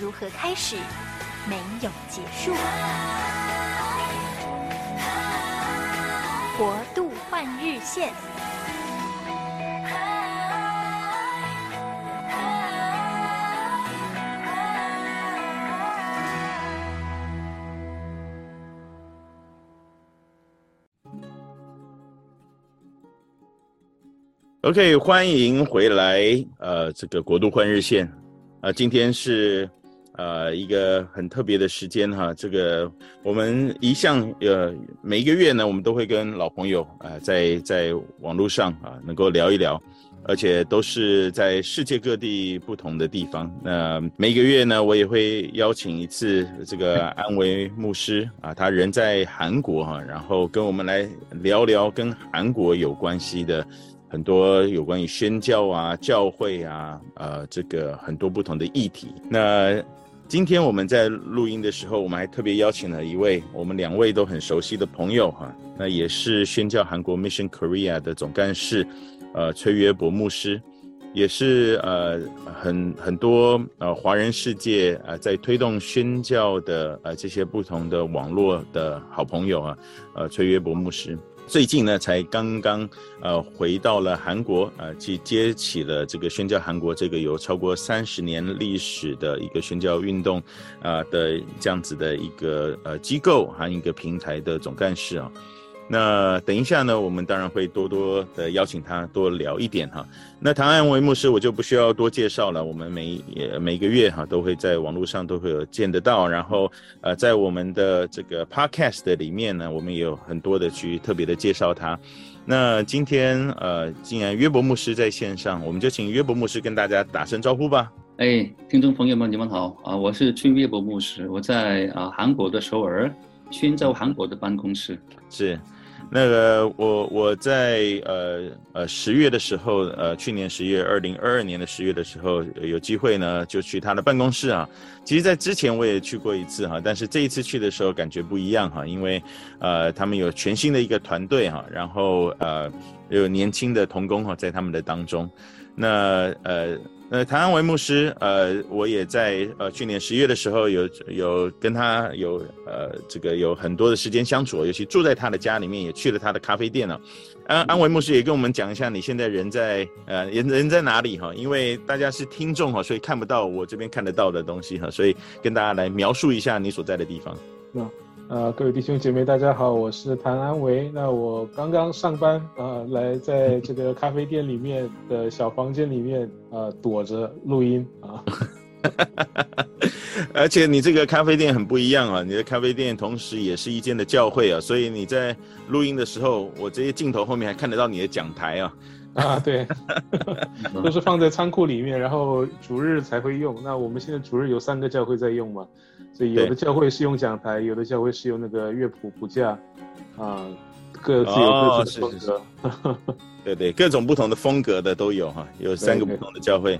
如何開始，沒有結束。國度換日線。OK，歡迎回來。呃，這個國度換日線，啊、呃，今天是。呃，一個很特別的時間哈，這個我們一向呃每個月呢，我們都會跟老朋友啊、呃，在在網絡上啊、呃，能夠聊一聊，而且都是在世界各地不同的地方。那、呃、每個月呢，我也會邀請一次這個安維牧師啊、呃，他人在韓國哈、呃，然後跟我們來聊聊跟韓國有關係的很多有關於宣教啊、教會啊、呃，這個很多不同的議題。那今天我們在錄音的時候，我們還特別邀請了一位我們兩位都很熟悉的朋友哈、啊，那也是宣教韓國 Mission Korea 的總幹事，呃，崔約伯牧師，也是呃很很多呃華人世界啊、呃、在推動宣教的呃這些不同的網絡的好朋友啊，呃，崔約伯牧師。最近呢，才剛剛呃回到了韓國，啊、呃，去接起了這個宣教韓國這個有超過三十年歷史的一個宣教運動啊、呃、的這樣子的一個呃機構和一個平台的總幹事啊。那等一下呢，我們當然會多多的邀請他多聊一點哈。那譚安維牧師，我就不需要多介紹了。我們每呃每個月哈、啊、都會在網絡上都會有見得到，然後呃在我們的這個 podcast 的裡面呢，我們也有很多的去特別的介紹他。那今天呃，既然約伯牧師在線上，我們就請約伯牧師跟大家打聲招呼吧。哎，聽眾朋友們，你們好啊、呃！我是崔約伯牧師，我在啊、呃、韓國的首爾宣教韓國的辦公室是。那個我我在呃呃十月的時候呃，去年十月二零二二年的十月的時候有機會呢，就去他的辦公室啊，其實，在之前我也去過一次哈、啊，但是這一次去的時候感覺不一樣哈、啊，因為呃他們有全新的一個團隊哈、啊，然後呃有年輕的同工哈、啊、在他們的當中，那呃。呃，譚安維牧師，呃，我也在呃去年十一月的時候有有跟他有呃這個有很多的時間相處，尤其住在他的家裡面，也去了他的咖啡店了，哦嗯。安安維牧師也跟我們講一下你現在人在呃人人在哪裡哈、哦？因為大家是聽眾哈、哦，所以看不到我這邊看得到的東西哈、哦，所以跟大家來描述一下你所在的地方。嗯呃、各位弟兄姐妹，大家好，我是譚安維。那我剛剛上班啊、呃，來在這個咖啡店裡面的小房間裡面啊、呃，躲着錄音啊。 而且你這個咖啡店很不一樣啊，你的咖啡店同時也是一間的教會啊，所以你在錄音的時候，我這些鏡頭後面還看得到你的講台啊。 啊，對，都是放在倉庫裡面，然後主日才會用。那我們現在主日有三個教會在用嘛，所以有的教會是用講台，對有的教會是用那個樂譜譜架，啊，各自有各自的風格。Oh, 對對，各種不同的風格的都有哈，有三個不同的教會。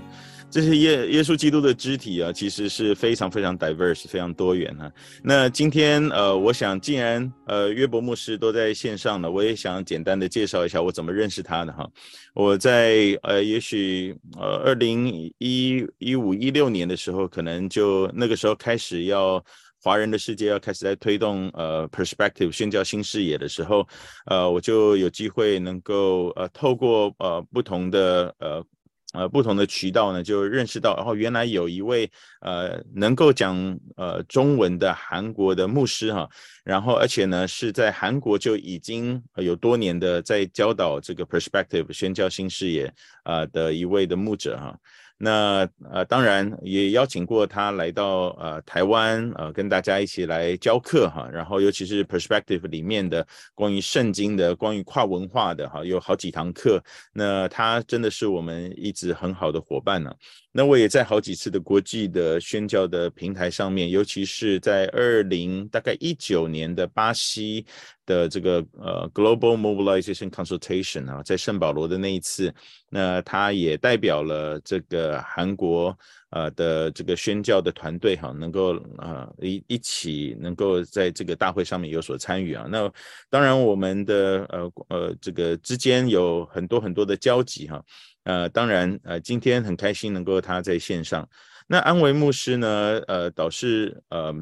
這些耶耶穌基督的肢體啊，其實是非常非常 diverse，非常多元哈、啊。那今天呃，我想既然呃約伯牧師都在線上了，我也想簡單的介紹一下我怎麼認識他的哈。我在呃，也許呃二零一一五一六年的時候，可能就那個時候開始要華人的世界要開始在推動呃 perspective 宣教心視野的時候，呃，我就有機會能夠呃透過呃不同的呃。呃，不同的渠道呢，就認識到，然後原來有一位呃能夠講呃中文的韓國的牧師哈，然後而且呢是在韓國就已經有多年的在教導這個 perspective 宣教心視野啊、呃、的一位的牧者哈。那呃，當然也邀請過他來到呃台灣，呃，跟大家一起來教課哈。然後尤其是 Perspective 裡面的關於聖經的、關於跨文化的哈，有好幾堂課。那他真的是我們一直很好的夥伴呢、啊。那我也在好幾次的國際的宣教的平台上面，尤其是在二零大概一九年的巴西。的這個呃，Global Mobilization Consultation 啊，在聖保羅的那一次，那他也代表了這個韓國呃的這個宣教的團隊哈，能夠呃一一起能夠在這個大會上面有所參與啊。那當然我們的呃呃這個之間有很多很多的交集哈，呃當然呃今天很開心能夠他在線上。那安維牧師呢，呃，導師呃。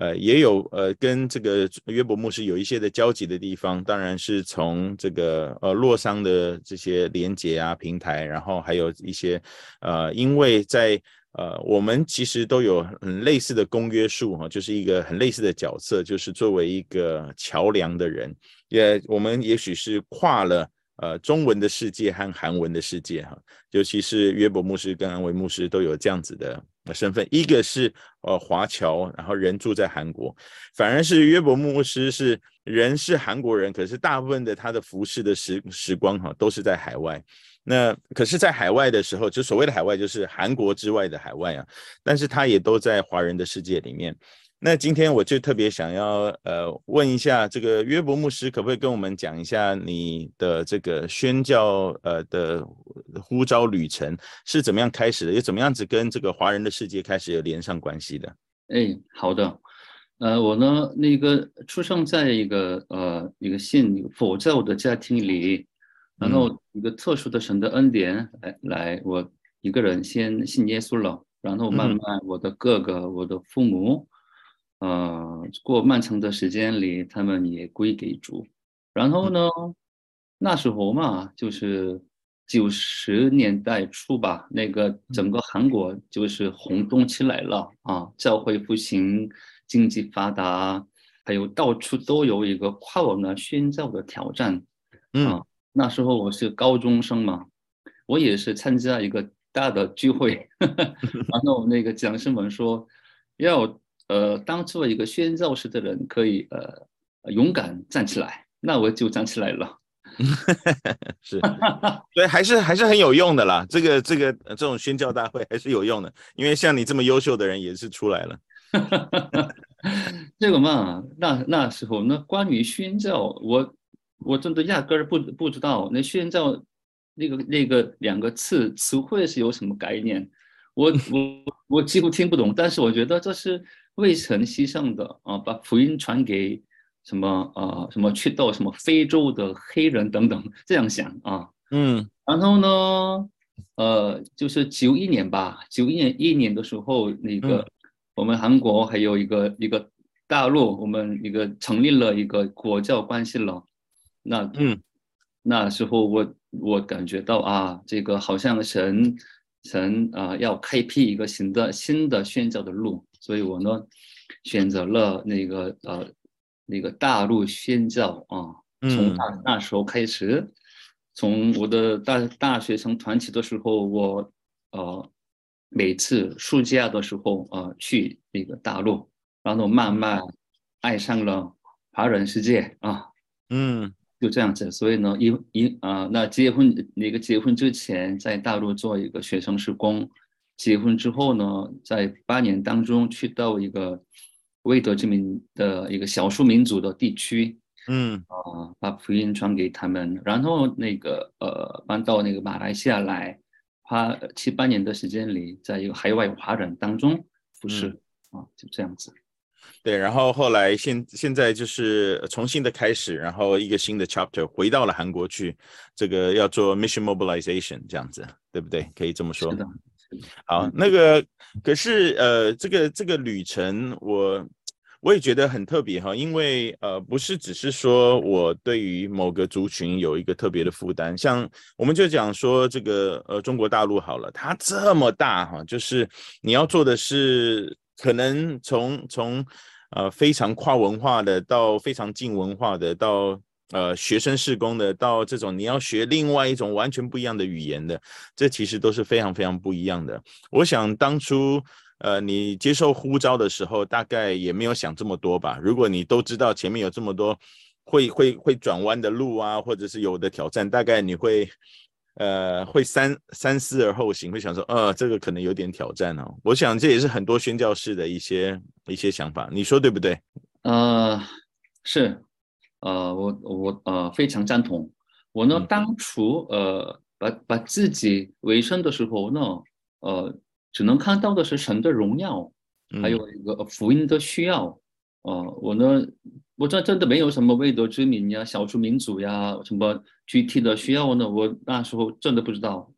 呃，也有呃，跟這個約伯牧師有一些的交集的地方，當然是從這個呃洛桑的這些連結啊平台，然後還有一些，呃，因為在呃我們其實都有很類似的公約數哈，啊，就是一個很類似的角色，就是作為一個橋梁的人，也我們也許是跨了呃中文的世界和韓文的世界哈，尤其是約伯牧師跟安維牧師都有這樣子的。身份，一個是呃華僑，然後人住在韓國，反而是約伯牧師是人是韓國人，可是大部分的他的服侍的時時光哈、啊、都是在海外。那可是，在海外的時候，就所謂的海外，就是韓國之外的海外啊。但是他也都在華人的世界裡面。那今天我就特別想要呃問一下這個約伯牧師，可不可以跟我們講一下你的這個宣教呃的呼召旅程是怎麼樣開始的，又怎麼樣子跟這個華人的世界開始有連上關係的？哎，好的，呃，我呢那個出生在一個呃一個信佛教的家庭裡，然後一個特殊的神的恩典，嗯、來來我一個人先信耶穌了，然後慢慢我的哥哥、嗯、我的父母。嗯、呃，過漫長的時間裡，他們也歸給主。然後呢，那時候嘛，就是九十年代初吧，那個整個韓國就是轟動起來了啊，教會復興，經濟發達，還有到處都有一個跨文化的宣教的挑戰。嗯、啊，那時候我是高中生嘛，我也是參加一個大的聚會， 然後那個講師們說要。呃，當做一個宣教士的人，可以呃勇敢站起來，那我就站起來了。 是， 對，還是還是很有用的啦。這個這個、呃、這種宣教大會還是有用的，因為像你這麼優秀的人也是出來了。 這個嘛，那那時候呢，關於宣教，我我真的壓根兒不不知道那宣教那個那個兩個詞詞彙是有什麼概念，我我我幾乎聽不懂， 但是我覺得這是。未曾犧牲的啊，把福音傳給什麼呃、啊、什麼去到什麼非洲的黑人等等，這樣想啊，嗯，然後呢，呃，就是九一年吧，九一年一年的時候，那個我們韓國還有一個、嗯、一個大陸，我們一個成立了一個國教關係了，那嗯，那時候我我感覺到啊，這個好像神。神啊、呃，要開闢一個新的新的宣教的路，所以我呢選擇了那個呃那個大陸宣教啊，從那那時候開始，從我的大大學生團契的時候，我呃每次暑假的時候啊、呃、去那個大陸，然後慢慢愛上了華人世界啊，嗯。就這樣子，所以呢，因因，啊、呃，那結婚那個結婚之前在大陸做一個學生事工，結婚之後呢，在八年當中去到一個未得之民的一個少數民族的地區，嗯、呃、啊，把福音傳給他們，然後那個呃搬到那個馬來西亞來，花七八年的時間裡，在一個海外華人當中，服事、嗯、啊，就這樣子。對，然後後來現現在就是重新的開始，然後一個新的 chapter 回到了韓國去，這個要做 mission mobilization 這樣子，對不對？可以這麼說。是的。好，那個可是呃，這個這個旅程我我也覺得很特別哈，因為呃，不是只是說我對於某個族群有一個特別的負擔，像我們就講說這個呃中國大陸好了，它這麼大哈、啊，就是你要做的是。可能從從，呃非常跨文化的，到非常近文化的到，到呃學生事工的，到這種你要學另外一種完全不一樣的語言的，這其實都是非常非常不一樣的。我想當初呃你接受呼召的時候，大概也沒有想這麼多吧？如果你都知道前面有這麼多會會會轉彎的路啊，或者是有的挑戰，大概你會。呃，會三三思而後行，會想說，呃，這個可能有點挑戰哦。我想這也是很多宣教士的一些一些想法，你說對不對？呃，是，呃，我我呃非常贊同。我呢，當初呃把把自己委身的時候呢，呃，只能看到的是神的榮耀，還有一個福音的需要。哦、呃，我呢，我這真的沒有什麼未得之民呀、少數民族呀什麼具體的需要呢，我那時候真的不知道。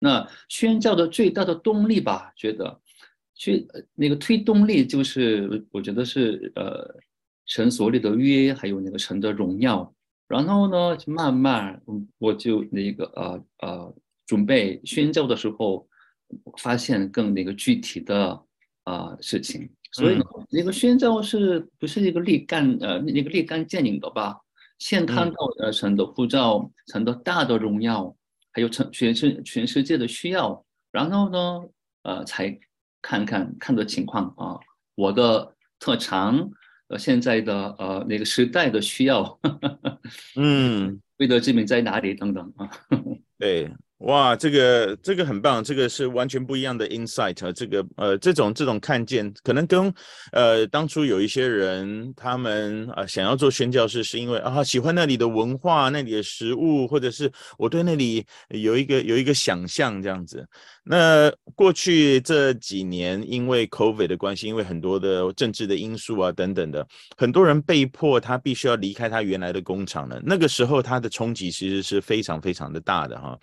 那宣教的最大的動力吧，覺得，去那個推動力就是，我覺得是呃，神所立的約，還有那個神的榮耀。然後呢，就慢慢，我就那個呃呃，準備宣教的時候，發現更那個具體的啊、呃、事情。所以那、嗯、個宣教是不是一個立竿呃，那個立竿見影的吧？先看到呃，神的護照、嗯、神的大的榮耀，還有成全世全世界的需要，然後呢呃，才看看看的情況啊。我的特長，呃，現在的呃那個時代的需要，呵呵嗯，未得之民在哪裡等等啊？對。哇，這個這個很棒，這個是完全不一樣的 insight 啊。這個呃，這種這種看見，可能跟呃當初有一些人，他們呃想要做宣教士，是因為啊喜歡那裡的文化、那裡的食物，或者是我對那裡有一個有一個想象，這樣子。那過去這幾年，因為 COVID 的關係，因為很多的政治的因素啊，等等的，很多人被迫他必須要離開他原來的工場了。那個時候，他的衝擊其實是非常非常的大的哈。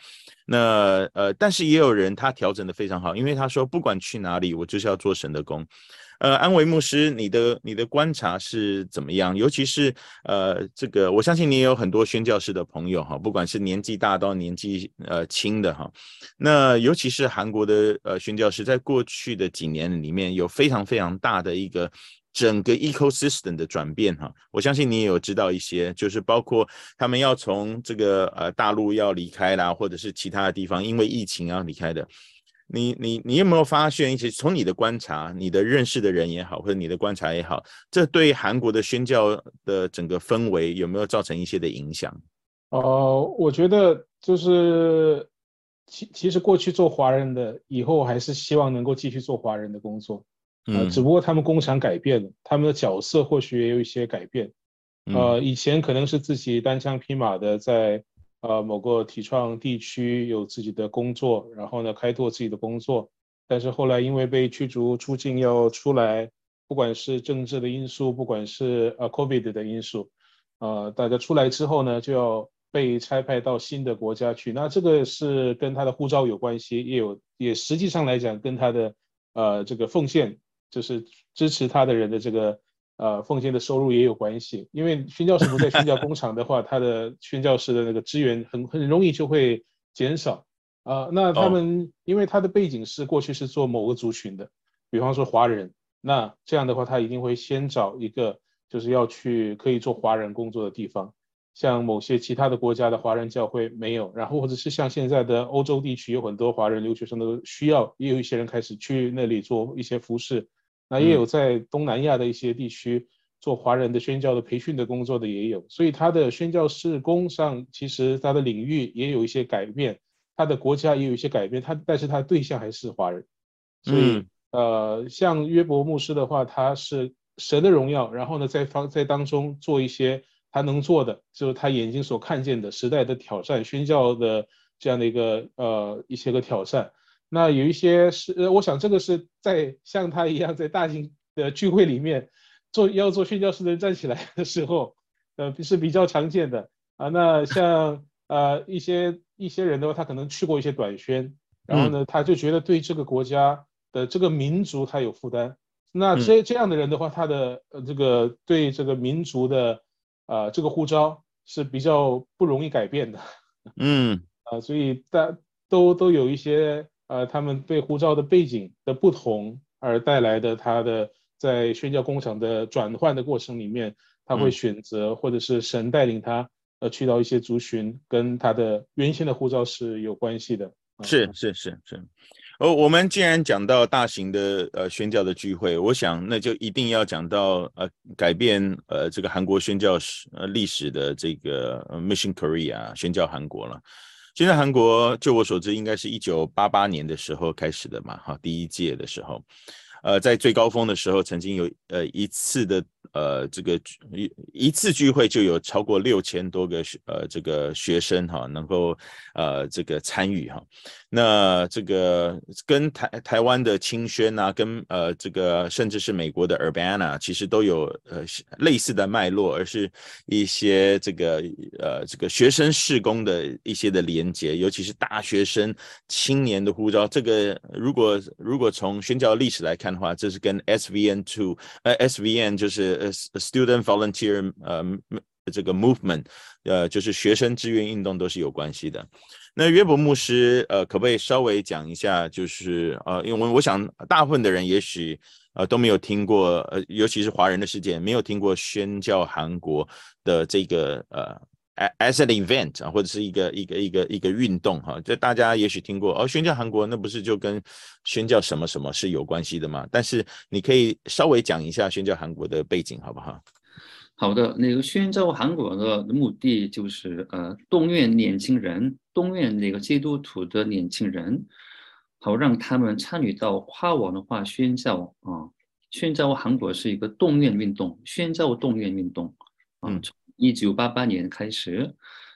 那呃，但是也有人他調整的非常好，因為他說不管去哪裡，我就是要做神的工。呃，安維牧師，你的你的觀察是怎麼樣？尤其是呃，這個我相信你也有很多宣教士的朋友哈，不管是年紀大到年紀呃輕的哈，那尤其是韓國的呃宣教士，在過去的幾年裡面有非常非常大的一個整個 ecosystem 的轉變哈，我相信你也有知道一些，就是包括他們要從這個呃大陸要離開啦，或者是其他的地方因為疫情要離開的。你你你有沒有發現一些從你的觀察、你的認識的人也好，或者你的觀察也好，這對韓國的宣教的整個氛圍有沒有造成一些的影響？哦、呃，我覺得就是其其實過去做華人的，以後還是希望能夠繼續做華人的工作，嗯、呃，只不過他們工場改變了，他們的角色或許也有一些改變，呃，以前可能是自己單槍匹馬的在。呃，某個創啟地區有自己的工作，然後呢，開拓自己的工作。但是後來因為被驅逐出境要出來，不管是政治的因素，不管是呃 COVID 的因素，呃，大家出來之後呢，就要被差派到新的國家去。那這個是跟他的護照有關係，也有，也實際上來講跟他的呃這個奉獻，就是支持他的人的這個。呃，奉獻的收入也有關係，因為宣教士不在宣教工場的話， 他的宣教士的那個資源很很容易就會減少。啊、呃，那他們因為他的背景是過去是做某個族群的，比方說華人，那這樣的話他一定會先找一個，就是要去可以做華人工作的地方，像某些其他的國家的華人教會沒有，然後或者是像現在的歐洲地區有很多華人留學生都需要，也有一些人開始去那裡做一些服事。那也有在東南亞的一些地區做華人的宣教的培訓的工作的也有，所以他的宣教事工上其實他的領域也有一些改變，他的國家也有一些改變，他但是他的對象還是華人，所以呃，像約伯牧師的話，他是神的榮耀，然後呢，在方在當中做一些他能做的，就是他眼睛所看見的時代的挑戰，宣教的這樣的一個呃一些個挑戰。那有一些是，呃，我想這個是在像他一樣在大型的聚會裡面做要做宣教士，的人站起來的時候，呃，是比較常見的啊。那像呃一些一些人的話，他可能去過一些短宣，然後呢，他就覺得對這個國家的這個民族他有負擔。嗯、那這這樣的人的話，他的呃這個對這個民族的、呃、這個呼召是比較不容易改變的。嗯，呃、啊，所以大都都有一些。呃，他們對呼召的背景的不同而帶來的，他的在宣教工場的轉換的過程裡面，他會選擇，或者是神帶領他，嗯、呃，去到一些族群，跟他的原先的呼召是有關係的。嗯、是是是是、哦。我們既然講到大型的呃宣教的聚會，我想那就一定要講到呃改變呃這個韓國宣教史呃歷史的這個 Mission Korea 宣教韓國了。宣教韓國，就我所知，應該是一九八八年的時候開始的嘛，哈，第一屆的時候，呃，在最高峰的時候，曾經有呃一次的。呃，這個一一次聚會就有超過六千多個呃這個學生哈、啊，能夠呃這個參與哈、啊。那這個跟台台灣的青宣吶、啊，跟呃這個甚至是美國的 Urbana 其實都有呃類似的脈絡，而是一些這個呃這個學生事工的一些的連接，尤其是大學生青年的呼召。這個如果如果從宣教歷史來看的話，這是跟 S V N Two 呃 S V N 就是。Student volunteer，呃，這個 movement，呃、uh,，就是學生志願運動都是有關係的。那約伯牧師，呃、uh,，可不可以稍微講一下？就是，呃、uh,，因為我想大部分的人也許，呃、uh,，都沒有聽過，呃、uh,，尤其是華人的世界，沒有聽過宣教韓國的這個，呃、uh,。as an event 啊，或者是一個一個一個一個運動哈，這大家也許聽過哦。宣教韓國那不是就跟宣教什麼什麼是有關係的嗎？但是你可以稍微講一下宣教韓國的背景好不好？好的，那個宣教韓國的目的就是呃，動員年輕人，動員那個基督徒的年輕人，好讓他們參與到跨文化宣教啊、呃。宣教韓國是一個動員運動，宣教動員運動，呃、嗯。一九八八年開始，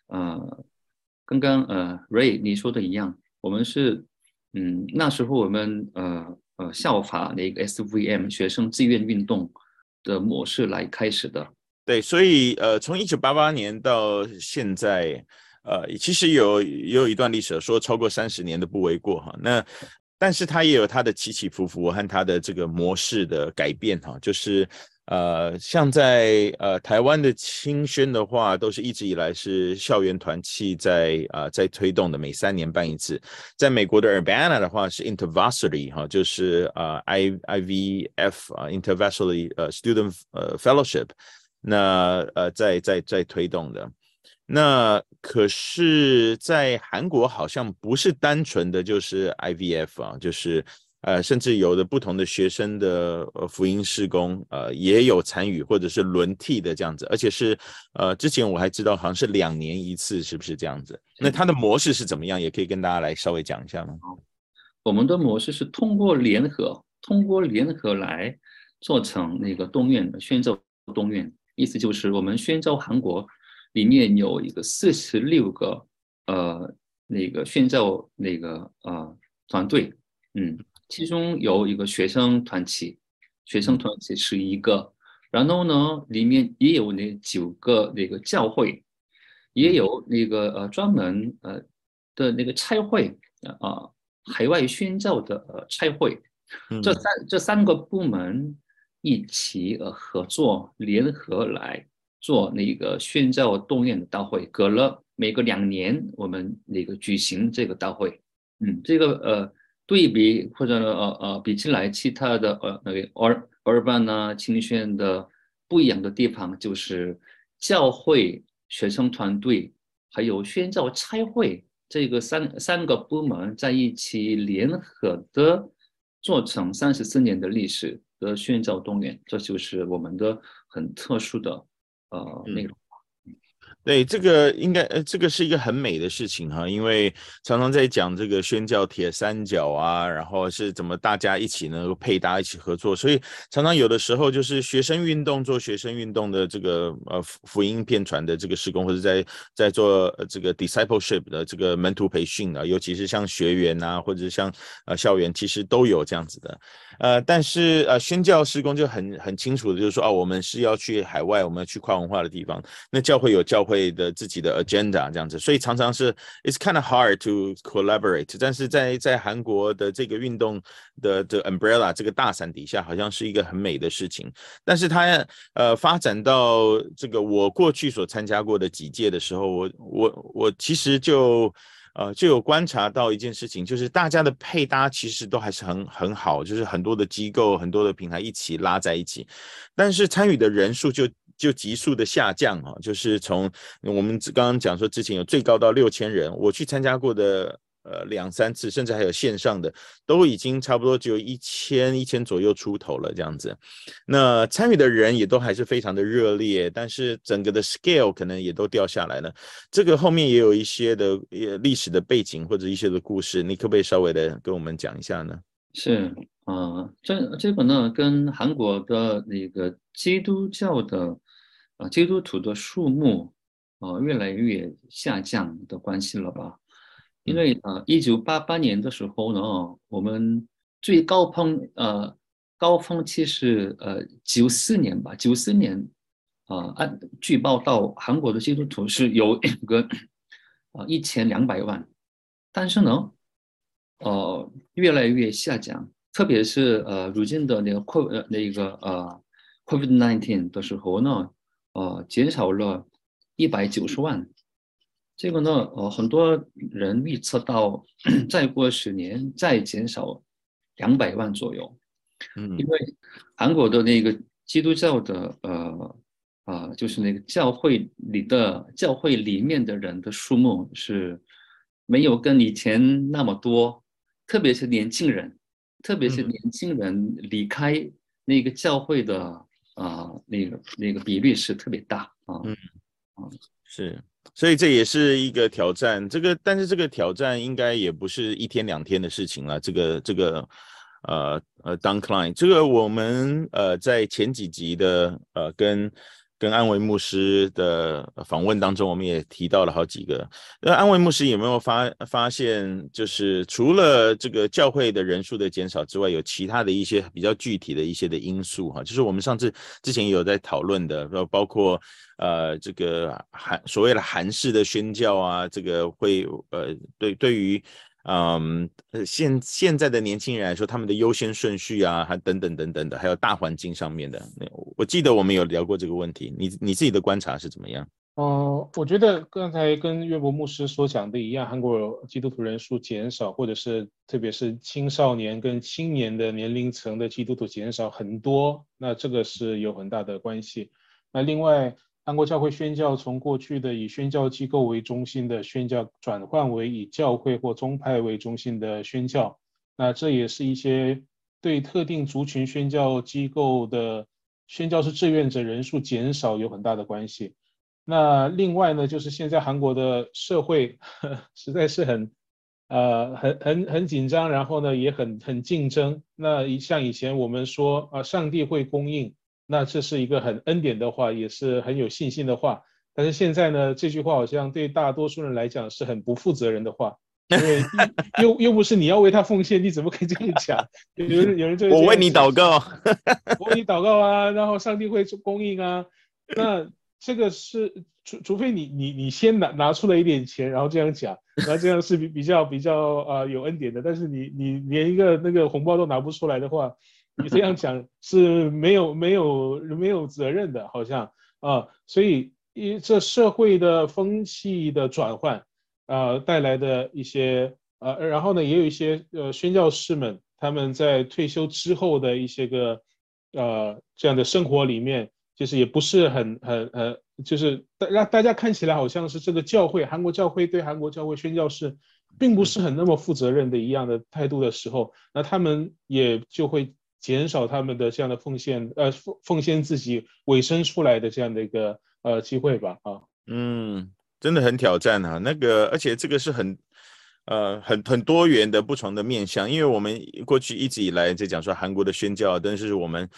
呃，剛剛呃，Ray 你說的一樣，我們是嗯，那時候我們呃呃效法那一個 SVM 學生自願運動的模式來開始的。對，所以呃，從一九八八年到現在，呃，其實有也有一段歷史，說超過三十年都不為過哈。那但是它也有它的起起伏伏，和它的這個模式的改變哈，就是。呃，像在呃台灣的青宣的話，都是一直以來是校園團契在啊、呃、在推動的，每三年辦一次。在美國的 Urbana 的話是 Intervarsity 哈、啊，就是啊 I I V F Intervarsity、uh, 呃 Student 呃 Fellowship，那呃在在在推動的。那可是，在韓國好像不是單純的，就是 I V F 啊，就是。呃，甚至有的不同的學生的福音事工，呃，也有參與或者是輪替的這樣子，而且是呃，之前我還知道好像是兩年一次，是不是這樣子？嗯、那它的模式是怎麼樣？也可以跟大家來稍微講一下嗎？我們的模式是通過聯合，通過聯合來做成那個動員的宣教動員，意思就是我們宣教韓國裡面有一個四十六個呃那個宣教那個呃團隊，嗯。其中有一個學生團體，學生團體是一個，嗯、然後呢，裡面也有那九個那個教會，也有那個呃專門呃的那個差會啊，海外宣教的呃差會，嗯、這三這三個部門一起呃合作聯合來做那個宣教動員的大會，隔了每隔兩年我們那個舉行這個大會，嗯，這個呃。對比，或者呃呃，比起來其他的，呃，那個 Urbana 啊，青宣的不一樣的地方，就是教會學生團隊，還有宣教差會這個三三個部門在一起聯合的，做成三十四年的歷史的宣教動員，這就是我們的很特殊的，呃，內容。嗯。對，這個應該呃，這個是一個很美的事情哈、啊，因為常常在講這個宣教鐵三角啊，然後是怎麼大家一起能夠配搭，一起合作，所以常常有的時候就是學生運動做學生運動的這個呃福音片傳的這個事工，或者在在做這個 discipleship 的這個門徒培訓啊，尤其是像學園啊，或者像呃校園，其實都有這樣子的。呃，但是呃，宣教事工就很很清楚的，就是說，哦，我們是要去海外，我們要去跨文化的地方。那教會有教會的自己的 agenda 這樣子，所以常常是 it's kind of hard to collaborate。但是在在韓國的這個運動的的 umbrella 這個大傘底下，好像是一個很美的事情。但是它呃發展到這個我過去所參加過的幾屆的時候，我我我其實就。呃，就有觀察到一件事情，就是大家的配搭其實都還是很很好，就是很多的機構、很多的平台一起拉在一起，但是參與的人數就就急速的下降啊，哦，就是從我們剛剛講說之前有最高到六千人，我去參加過的。呃，兩三次，甚至還有線上的，都已經差不多只有一千一千左右出頭了這樣子。那參與的人也都還是非常的熱烈，但是整個的 scale 可能也都掉下來了。這個後面也有一些的，呃，歷史的背景或者一些的故事，你可不可以稍微的跟我們講一下呢？是啊、呃，這這個呢跟韓國的那個基督教的啊、呃、基督徒的數目啊、呃，越來越下降的關係了吧？因為呃，一九八八年的時候呢，我們最高峰呃高峰期是呃九四年吧，九四年啊，按、呃、據報道，韓國的基督徒是有個呃一千兩百萬，但是呢，哦、呃、越來越下降，特別是呃如今的那個 Covid 的那個呃 COVID nineteen 的時候呢，呃減少了一百九十萬。這個呢，呃，很多人預測到，再過十年再減少兩百萬左右，嗯，因為韓國的那個基督教的，呃，啊、呃，就是那個教會裡的教會裡面的人的數目是，沒有跟以前那麼多，特別是年輕人，特別是年輕人離開那個教會的，啊、嗯呃，那個那個比率是特別大啊，呃、嗯，是。所以這也是一個挑戰，這個但是這個挑戰應該也不是一天兩天的事情了。這個這個，呃呃，decline 這個我們呃在前幾集的呃跟。跟安維牧師的訪問當中，我們也提到了好幾個。那安維牧師有沒有發發現，就是除了這個教會的人數的減少之外，有其他的一些比較具體的一些的因素哈、啊？就是我們上次之前有在討論的，包括呃這個韓所謂的韓式的宣教啊，這個會呃對對於。嗯，現、um, 現在的年輕人來說，他們的優先順序啊，還等等等等的，還有大環境上面的，我記得我們有聊過這個問題，你你自己的觀察是怎麼樣？嗯、呃，我覺得剛才跟約伯牧師所講的一樣，韓國基督徒人數減少，或者是特別是青少年跟青年的年齡層的基督徒減少很多，那這個是有很大的關係。那另外。韓國教會宣教從過去的以宣教機構為中心的宣教，轉換為以教會或宗派為中心的宣教，那這也是一些對特定族群宣教機構的宣教士志願者人數減少有很大的關係。那另外呢，就是現在韓國的社會實在是很，呃，很很很緊張，然後呢，也很很競爭。那像以前我們說呃上帝會供應。那這是一個很恩典的話，也是很有信心的話。但是現在呢，這句話好像對大多數人來講是很不負責任的話。因為又又不是你要為他奉獻，你怎麼可以這樣講？有人有人就我為你禱告，我為你禱告啊，然後上帝會供應啊。那這個是除除非你你你先拿拿出了一點錢，然後這樣講，那這樣是比較比較比較啊有恩典的。但是你你連一個那個紅包都拿不出來的話。 你這樣講是沒有沒有沒有責任的，好像啊、呃，所以一這社會的風氣的轉換，啊、呃、帶來的一些呃，然後呢也有一些呃宣教師們他們在退休之後的一些個呃這樣的生活裡面，就是也不是很很呃，就是大讓大家看起來好像是這個教會韓國教會對韓國教會宣教師，並不是很那麼負責任的一樣的態度的時候，那他們也就會。減少他們的這樣的奉獻，呃，奉奉獻自己委身出來的這樣的一個呃機會吧，啊，嗯，真的很挑戰啊，那個而且這個是很呃很很多元的不同的面向，因為我們過去一直以來在講說韓國的宣教，但是我們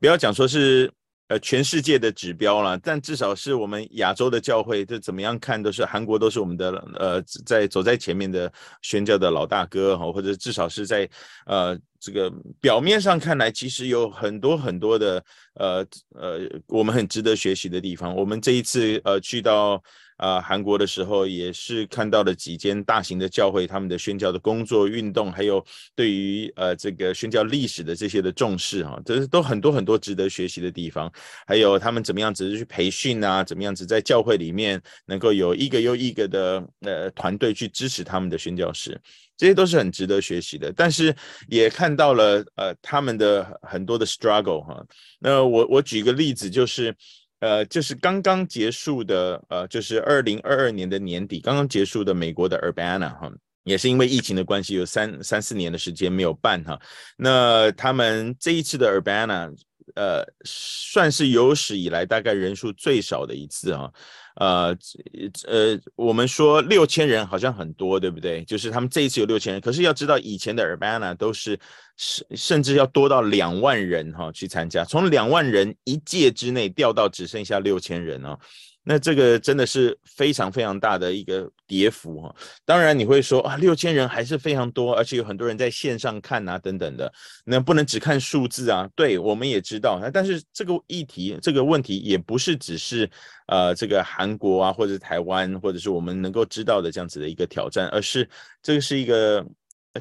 不要講說是。呃，全世界的指標了，但至少是我們亞洲的教會，這怎麼樣看都是韓國都是我們的呃，在走在前面的宣教的老大哥哈，或者至少是在呃這個表面上看來，其實有很多很多的呃呃，我們很值得學習的地方。我們這一次呃去到，啊，韓國的時候也是看到了幾間大型的教會，他們的宣教的工作、運動，還有對於呃這個宣教歷史的這些的重視哈，這是都很多很多值得學習的地方。還有他們怎麼樣子去培訓啊，怎麼樣子在教會裡面能夠有一個又一個的呃團隊去支持他們的宣教士，這些都是很值得學習的。但是也看到了呃他們的很多的 struggle 哈、啊。那我我舉個例子就是。呃，就是剛剛結束的，呃，就是二零二二年的年底剛剛結束的美國的 Urbana 哈，也是因為疫情的關係，有三三四年的時間沒有辦哈。那他們這一次的 Urbana，呃，算是有史以來大概人數最少的一次啊。哈呃，這，呃，我們說六千人好像很多，對不對？就是他們這一次有六千人，可是要知道以前的 Urbana 都是甚甚至要多到兩萬人哈、哦、去參加，從兩萬人一屆之內掉到只剩下六千人哦。那這個真的是非常非常大的一個跌幅哈啊，當然你會說啊，六千人還是非常多，而且有很多人在線上看啊等等的，那不能只看數字啊。對，我們也知道啊，但是這個議題這個問題也不是只是呃這個韓國啊，或者是台灣，或者是我們能夠知道的這樣子的一個挑戰，而是這個是一個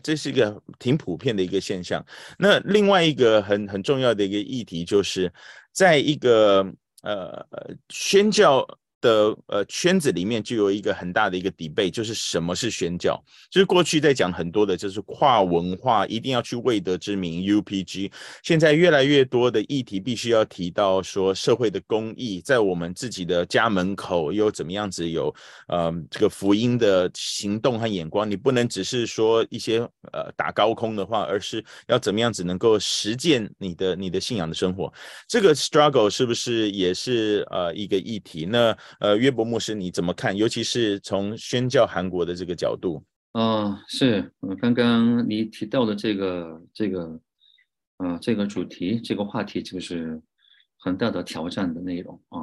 這是一個挺普遍的一個現象。那另外一個很很重要的一個議題就是在一個。呃，宣教、uh 的呃，圈子裡面就有一個很大的一個 debate，就是什麼是宣教。就是過去在講很多的，就是跨文化一定要去未得之民、UPG。現在越來越多的議題必須要提到說，社會的公益在我們自己的家門口又怎麼樣子有、呃、這個福音的行動和眼光，你不能只是說一些呃打高空的話，而是要怎麼樣子能夠實踐你的你的信仰的生活。這個 struggle 是不是也是呃一個議題？那呃，約伯牧師，你怎麼看？尤其是從宣教韓國的這個角度啊、呃，是我、嗯、剛剛你提到的這個這個，啊、呃，這個主題，這個話題就是很大的挑戰的內容啊。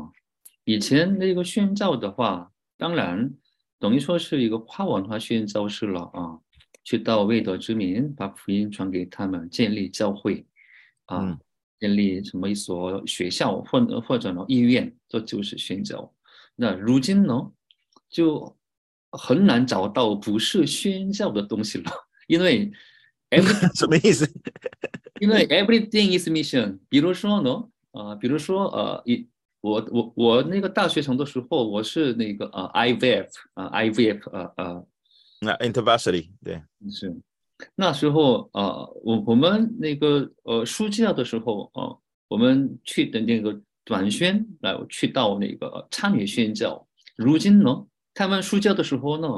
以前那個宣教的話，當然等於說是一個跨文化宣教士了啊，去到未得之民，把福音傳給他們，建立教會啊，嗯、建立什麼一所學校，或者或者呢醫院，這就是宣教。那如今呢，就很難找到不是宣教的東西了，因為，every 什麼意思？ 因為 everything is mission。比如說呢，啊，比如說呃，一我我我那個大學城的時候，我是那個啊、呃、，IVF 啊、呃、，IVF 啊、呃、啊、呃，那 InterVarsity 對，是那時候啊，我我們那個呃，暑假的時候啊、呃，我們去的那個。短宣，然後去到那個參與宣教，如今呢，他們睡覺的時候呢，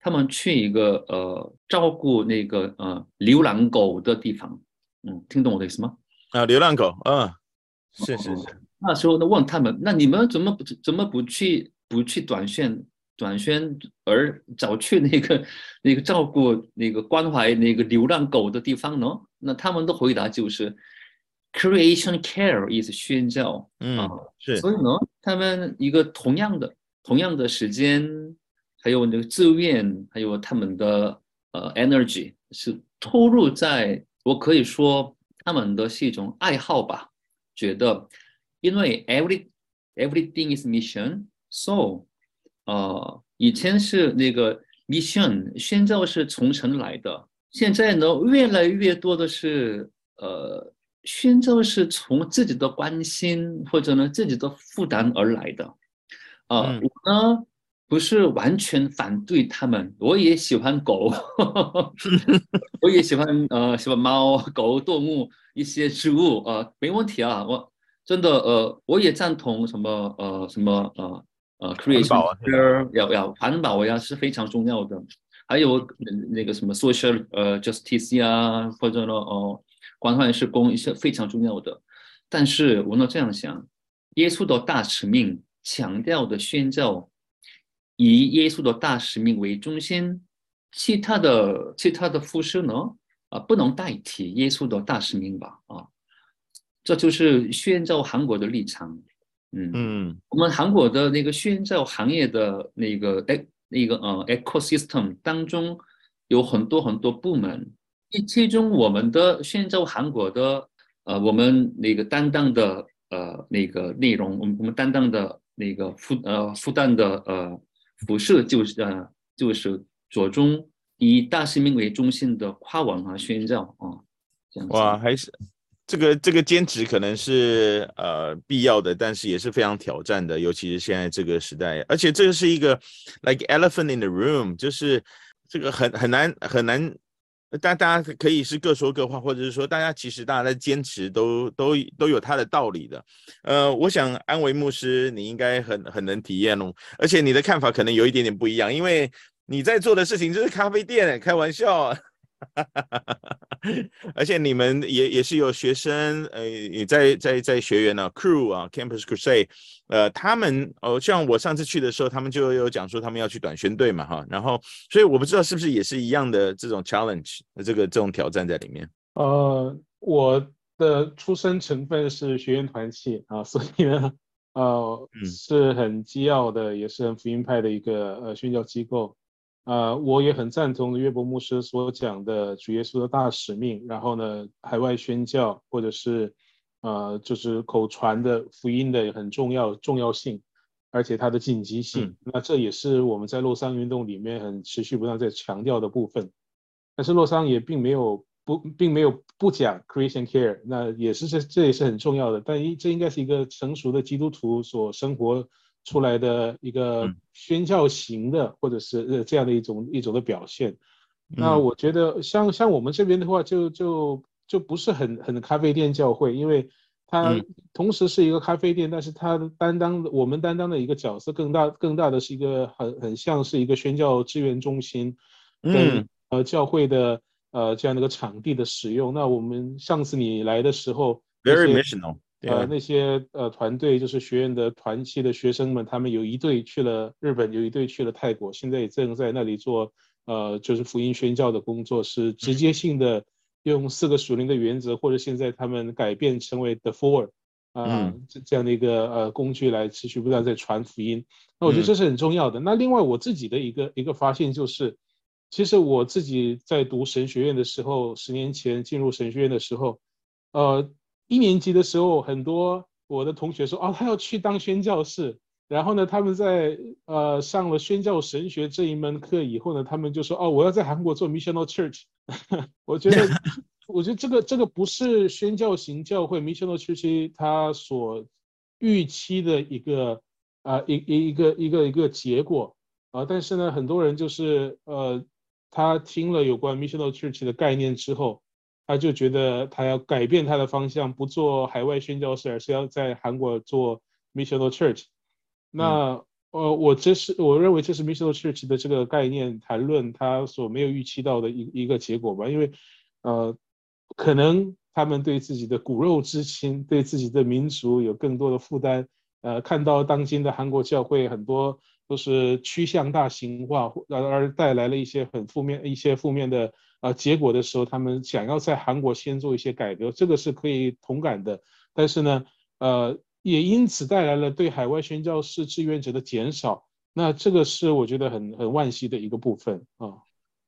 他們去一個呃照顧那個呃流浪狗的地方。嗯，聽懂我的意思嗎？啊，流浪狗，啊，是是、哦、是。是那時候呢，問他們，那你們怎麼怎麼不去不去短宣短宣，而找去那個那個照顧那個關懷那個流浪狗的地方呢？那他們的回答就是。Creation care is 宣教。嗯，啊、是，所以呢，他們一個同樣的同樣的時間，還有那個自願，還有他們的呃 energy 是投入在，我可以說他們的是一種愛好吧，覺得，因為 every everything is mission，so 呃，以前是那個 mission 宣教是從神來的，現在呢越來越多的是呃。宣教是從自己的關心或者呢自己的負擔而來的，啊，嗯、我呢不是完全反對他們，我也喜歡狗， 我也喜歡呃什麼貓狗動物一些植物啊沒問題啊，我真的呃我也贊同什麼呃什麼呃呃 creation 堡、啊、要要環保呀是非常重要的，還有那個什麼 social 呃 justice 啊或者呢哦。廣告也是公益是非常重要的，但是我們這樣想，耶穌的大使命強調的宣教，以耶穌的大使命為中心，其他的其他的服飾呢啊不能代替耶穌的大使命吧啊，這就是宣教韓國的立場。嗯嗯，我們韓國的那個宣教行業的那個哎那個、那個、呃 ecosystem 當中有很多很多部門。其中，我們的宣教韓國的，呃，我們那個擔當的，呃，那個內容，我們我們擔當的那個復呃復旦的呃輻射就是呃就是着重以大使命為中心的跨文化、啊、宣教啊，哇，還是這個這個兼職可能是呃必要的，但是也是非常挑戰的，尤其是現在這個時代，而且這個是一個 like elephant in the room，就是這個很很難很難。很難大家可以是各說各話，或者是說大家其實大家在堅持都都都有他的道理的。呃，我想安維牧師，你應該很很能體驗哦，而且你的看法可能有一點點不一樣，因為你在做的事情就是咖啡店，開玩笑。 而且你們也也是有學生呃在在在學園呢、啊、crew 啊 campus crusade 呃，他們哦像我上次去的時候他們就有講說他們要去短宣隊嘛哈，然後所以我不知道是不是也是一樣的這種 challenge 這個這種挑戰在裡面。呃，我的出身成分是學園團契，啊所以呢呃、嗯、是很基要的也是很福音派的一個呃宣教機構。呃，我也很贊同約伯牧師所講的主耶穌的大使命。然後呢，海外宣教或者是呃，就是口傳的福音的很重要重要性，而且它的緊急性。嗯、那這也是我們在洛桑運動裡面很持續不斷在強調的部分。但是洛桑也並沒有不並沒有不講 creation care，那也是這這也是很重要的。但應這應該是一個成熟的基督徒所生活。出來的一個宣教型的，嗯、或者是呃這樣的一種一種的表現。嗯、那我覺得像，像像我們這邊的話就，就就就不是很很咖啡店教會，因為它同時是一個咖啡店，嗯、但是它擔當我們擔當的一個角色更大，更大的是一個很很像是一個宣教支援中心，嗯，呃教會的、嗯、呃這樣的一個場地的使用。那我們上次你來的時候，very missional 而且。Miss Yeah. 呃，那些呃團隊就是學院的團契的學生們，他們有一隊去了日本，有一隊去了泰國，現在也正在那裡做，呃，就是福音宣教的工作，是直接性的，用四個屬靈的原則，或者現在他們改變成為 The Four，啊、呃，mm. 這樣的一個呃工具來持續不斷在傳福音。那我覺得這是很重要的。Mm. 那另外我自己的一個一個發現就是，其實我自己在讀神學院的時候，十年前進入神學院的時候，呃。一年級的時候，很多我的同學說：“啊、哦，他要去當宣教士。”然後呢，他們在呃上了宣教神學這一門課以後呢，他們就說：“哦，我要在韓國做 Missional Church。 ”我覺得， 我覺得這個這個不是宣教型教會 Missional Church 他所預期的一個啊一一一個一個一個結果啊、呃。但是呢，很多人就是呃，他聽了有關 Missional Church 的概念之後。他就覺得他要改變他的方向，不做海外宣教士，而是要在韓國做 Missional Church。那、嗯、呃，我這是我認為這是 Missional Church 的這個概念，談論他所沒有預期到的一個一個結果吧，因為呃，可能他們對自己的骨肉之親、對自己的民族有更多的負擔。呃，看到當今的韓國教會很多都是趨向大型化，然而帶來了一些很負面、一些負面的。啊，結果的時候，他們想要在韓國先做一些改革，這個是可以同感的。但是呢，呃，也因此帶來了對海外宣教士志願者的減少。那這個是我覺得很很惋惜的一個部分啊。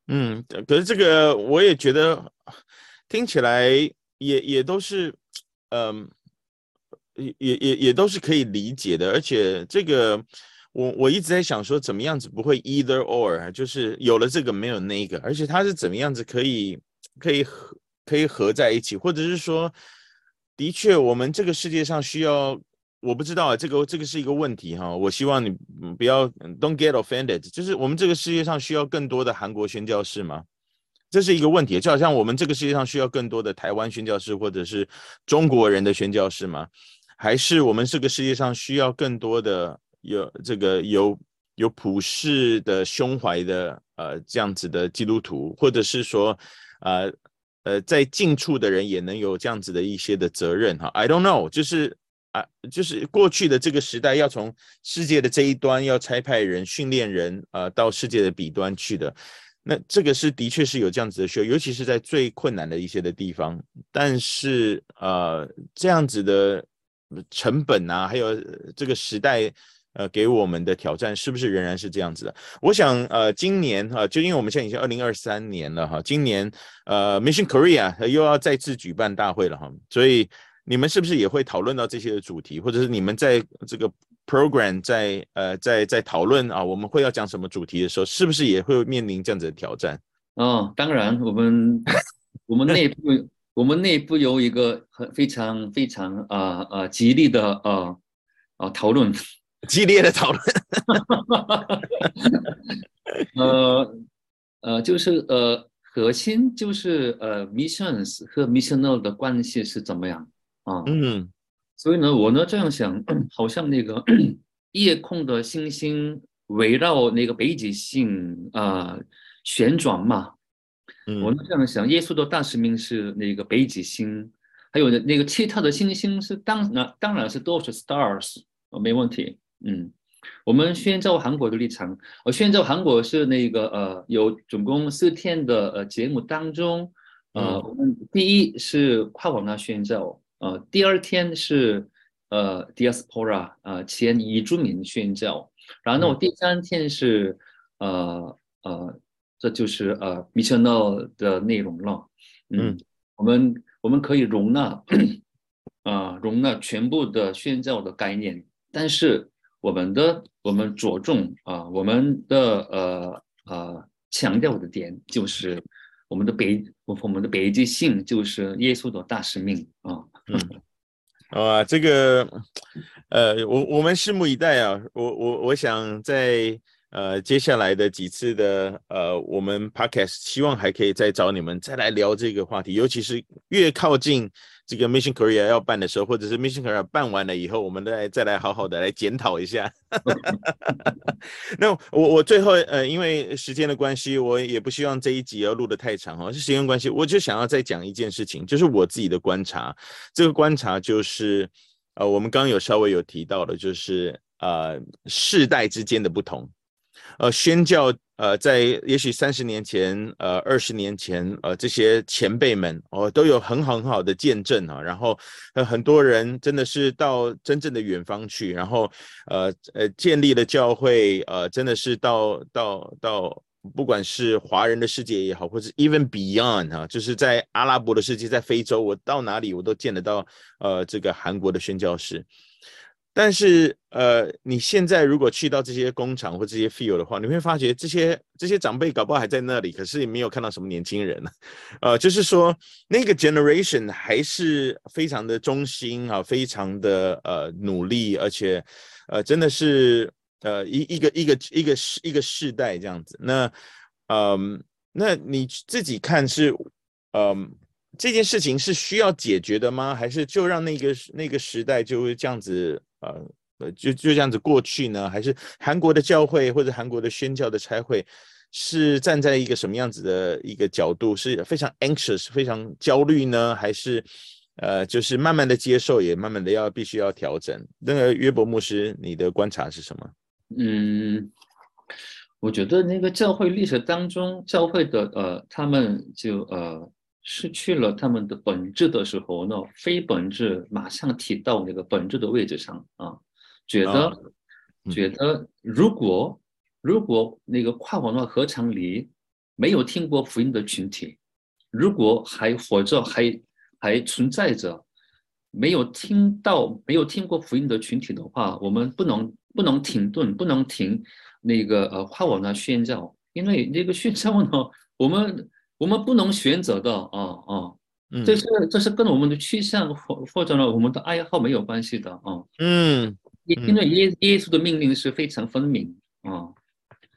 嗯，可是這個我也覺得聽起來也也都是，嗯、呃，也也也也都是可以理解的，而且這個。我我一直在想說怎麼樣子不會 either or 啊，就是有了這個沒有那個，而且它是怎麼樣子可以可以合可以合在一起，或者是說，的確我們這個世界上需要，我不知道啊，這個這個是一個問題哈，我希望你不要 don't get offended，就是我們這個世界上需要更多的韓國宣教士嗎？這是一個問題，就好像我們這個世界上需要更多的台灣宣教士，或者是中國人的宣教士嗎？還是我們這個世界上需要更多的？有這個有有普世的胸懷的呃這樣子的基督徒，或者是說，呃呃在近處的人也能有這樣子的一些的責任哈。I don't know，就是啊、呃，就是過去的這個時代要從世界的這一端要差派人訓練人呃，到世界的彼端去的，那這個是的確是有這樣子的需要，尤其是在最困難的一些的地方。但是呃，這樣子的成本啊，還有這個時代。呃，給我們的挑戰是不是仍然是這樣子的？我想，呃，今年哈，就因為我們現在已經二零二三年了哈，今年呃，Mission Korea 又要再次舉辦大會了哈，所以你們是不是也會討論到這些的主題，或者是你們在這個 program 在呃在在，在討論啊，我們會要講什麼主題的時候，是不是也會面臨這樣子的挑戰？嗯、哦，當然，我們我們內部 我們內部有一個很非常非常啊啊激烈的呃，啊，的呃啊討論。激烈的討論 呃，呃呃，就是呃，核心就是呃，missions 和 missional 的關係是怎麼樣、啊、嗯，所以呢，我呢這樣想，好像那個夜空的星星圍繞那個北極星啊、呃、旋轉嘛。嗯，我呢這樣想，耶穌的大使命是那個北極星，還有呢那個其他的星星是當那當然是多出 stars，、哦、沒問題。嗯，我們宣教韓國的立場。我、哦、宣教韓國是那個呃，有總共四天的呃節目當中，呃，我們第一是跨文化宣教，呃，第二天是呃 diaspora，呃，前移住民宣教，然後呢我第三天是呃、嗯、呃，這就是呃 missional 的內容了。嗯，嗯我們我們可以容納啊、呃、容納全部的宣教的概念，但是。我們的我們着重啊，我們的呃呃強調的點就是我們的北我們的北極星就是耶穌的大使命啊。嗯，啊這個呃我我們拭目以待啊。我我我想在呃接下來的幾次的呃我們 podcast，希望還可以再找你們再來聊這個話題，尤其是越靠近。這個 Mission Korea 要辦的時候，或者是 Mission Korea 辦完了以後，我們再來再來好好的來檢討一下。 Okay. 那我我最後呃，因為時間的關係，我也不希望這一集要錄得太長哦，是時間關係，我就想要再講一件事情，就是我自己的觀察。這個觀察就是呃，我們剛，剛有稍微有提到的，就是呃，世代之間的不同。呃，宣教，呃，在也許三十年前，呃，二十年前，呃，這些前輩們哦，都有很好很好的見證啊。然後，呃，很多人真的是到真正的遠方去，然後呃呃，建立了教會，呃，真的是到到到，到到不管是華人的世界也好，或是 even beyond 啊，就是在阿拉伯的世界，在非洲，我到哪裡我都見得到呃，這個韓國的宣教士。但是，呃，你現在如果去到這些工場或這些 field 的話，你會發覺這些這些長輩搞不好還在那裡，可是也沒有看到什麼年輕人呢。呃，就是說那個 generation 還是非常的忠心啊，非常的呃努力，而且呃，真的是呃一一個一個一個一個世代這樣子。那，嗯、呃，那你自己看是，嗯、呃，這件事情是需要解決的嗎？還是就讓那個那個時代就會這樣子？呃呃，就就這樣子過去呢？還是韓國的教會或者韓國的宣教的差會，是站在一個什麼樣子的一個角度，是非常 anxious，非常焦慮呢？還是呃，就是慢慢的接受，也慢慢的要必須要調整？那個約伯牧師，你的觀察是什麼？嗯，我覺得那個教會歷史當中，教會的呃，他們就呃。失去了他們的本質的時候，呢，非本質馬上提到那個本質的位置上啊，覺得、啊嗯、覺得，如果如果那個跨文化禾場裡沒有聽過福音的群體，如果還活着，還還存在着沒有聽到沒有聽過福音的群體的話，我們不能不能停頓，不能停那個呃跨文化宣教，因為那個宣教呢，我們。我們不能選擇的，啊啊，這是這是跟我們的趨向或或者呢我們的愛好沒有關係的，啊，嗯，因為耶、嗯、耶，耶穌的命令是非常分明，啊，嗯、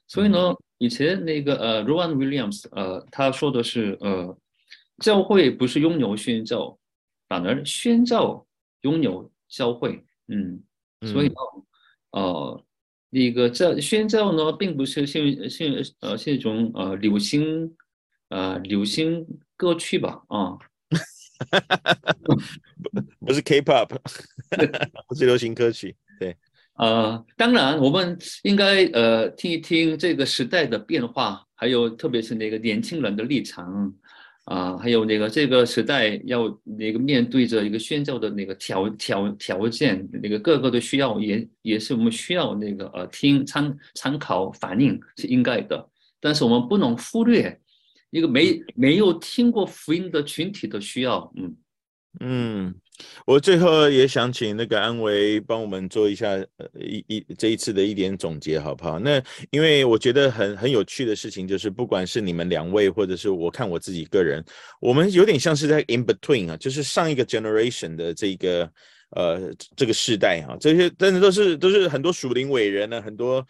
所以呢，以前那個呃，Rowan Williams，呃，他說的是，呃，教會不是擁有宣教，反而宣教擁有教會，嗯，嗯所以呢，呃，那、這個教宣教呢，並不是是是呃是一種呃流行。呃，流行歌曲吧，啊、嗯， 不是 K-pop 不是流行歌曲，對，呃，當然，我們應該呃聽一聽這個時代的變化，還有特別是那個年輕人的立場，啊、呃，還有那個這個時代要那個面對着一個宣教的那個條條條件，那個各個的需要也，也也是我們需要那個呃聽參參考反應是應該的，但是我們不能忽略。一個沒沒有聽過福音的群體的需要，嗯嗯，我最後也想請那個安維幫我們做一下，呃一一這一次的一點總結，好不好？那因為我覺得很很有趣的事情就是，不管是你們兩位，或者是我看我自己個人，我們有點像是在 in between 啊，就是上一個 generation 的這個呃這個時代啊，這些真的都是都是很多屬靈偉人呢、啊，很多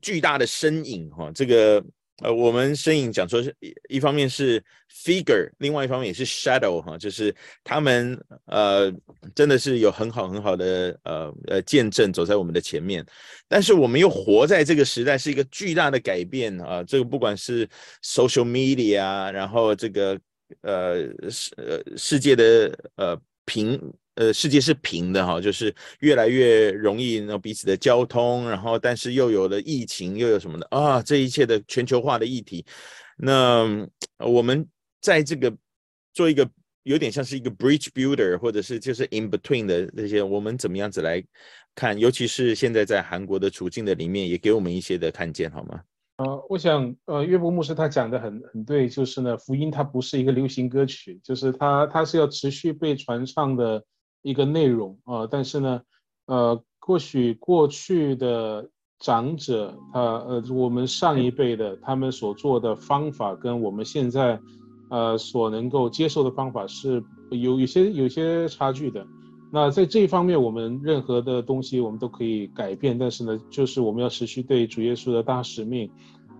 巨大的身影哈、啊，這個。呃，我們身影講說是，一方面是 figure，另外一方面也是 shadow，哈，就是他們呃，真的是有很好很好的呃呃見證，走在我們的前面，但是我們又活在這個時代，是一個巨大的改變啊，呃，這個不管是 social media 然後這個呃世呃世界的呃平。呃，世界是平的哈，就是越來越容易，那彼此的交通，然後但是又有了疫情，又有什麼的啊？這一切的全球化的議題，那我們在這個做一個有點像是一個 bridge builder，或者是就是 in between 的那些，我們怎麼樣子來看？尤其是現在在韓國的處境的裡面，也給我們一些的看見好嗎？呃，我想呃，約伯牧師他講的很很對，就是呢，福音它不是一個流行歌曲，就是它它是要持續被傳唱的。一個內容啊，呃，但是呢，呃，或許過去的長者，他呃，我們上一輩的他們所做的方法，跟我們現在，呃，所能夠接受的方法是有有些有些差距的。那在這一方面，我們任何的東西我們都可以改變，但是呢，就是我們要持續對主耶穌的大使命，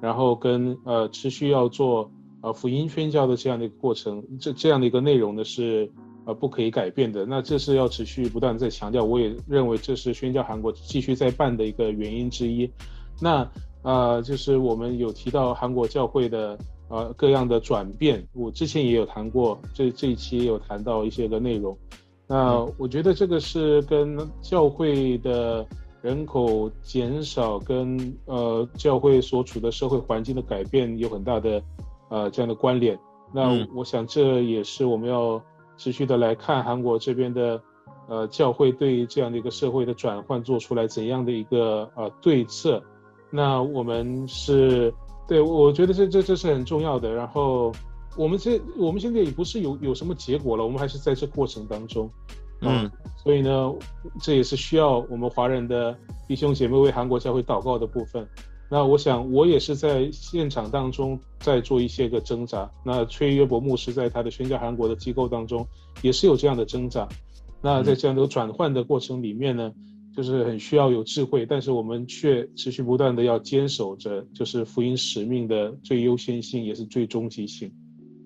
然後跟呃持續要做呃，福音宣教的這樣的一個過程，這這樣的一個內容呢是，呃，不可以改變的。那這是要持續不斷在強調。我也認為這是宣教韓國繼續在辦的一個原因之一。那呃，就是我們有提到韓國教會的呃各樣的轉變，我之前也有談過，這這一期也有談到一些個內容。那我覺得這個是跟教會的人口減少跟呃教會所處的社會環境的改變有很大的呃這樣的關聯。那我想這也是我們要。持續的來看韓國這邊的，呃，教會對於這樣的一個社會的轉換做出來怎樣的一個呃對策？那我們是，對，我覺得這這這是很重要的。然後我們這我們現在也不是有有什麼結果了，我們還是在這過程當中，嗯，嗯，所以呢，這也是需要我們華人的弟兄姐妹為韓國教會禱告的部分。那我想，我也是在現場當中在做一些個掙扎。那崔約伯牧師在他的宣教韓國的機構當中，也是有這樣的掙扎。那在這樣的轉換的過程裡面呢，嗯、就是很需要有智慧，但是我們卻持續不斷的要堅守着，就是福音使命的最優先性，也是最終極性。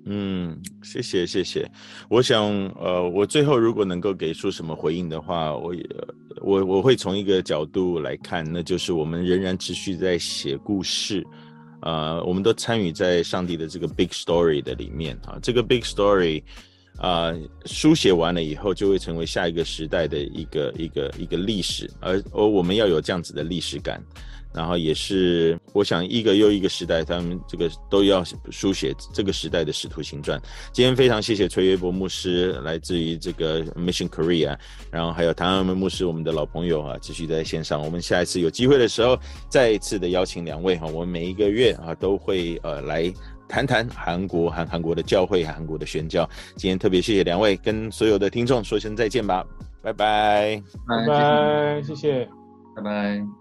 嗯，謝謝，謝謝。我想，呃，我最後如果能夠給出什麼回應的話，我也。我我會從一個角度來看，那就是我們仍然持續在寫故事，呃，我們都參與在上帝的這個 big story 的裡面啊，這個 big story，啊、呃，書寫完了以後就會成為下一個時代的一個一個一個歷史，而而我們要有這樣子的歷史感。然後也是，我想一個又一個時代，他們這個都要書寫這個時代的使徒行傳。今天非常謝謝崔約伯牧師，來自於這個 Mission Korea，然後還有譚安維牧師，我們的老朋友啊，持續在線上。我們下一次有機會的時候，再一次的邀請兩位哈、啊，我們每一個月啊都會呃來談談韓國韓韓國的教會，韓國的宣教。今天特別謝謝兩位，跟所有的聽眾說聲再見吧，拜拜，拜拜，謝謝，拜拜。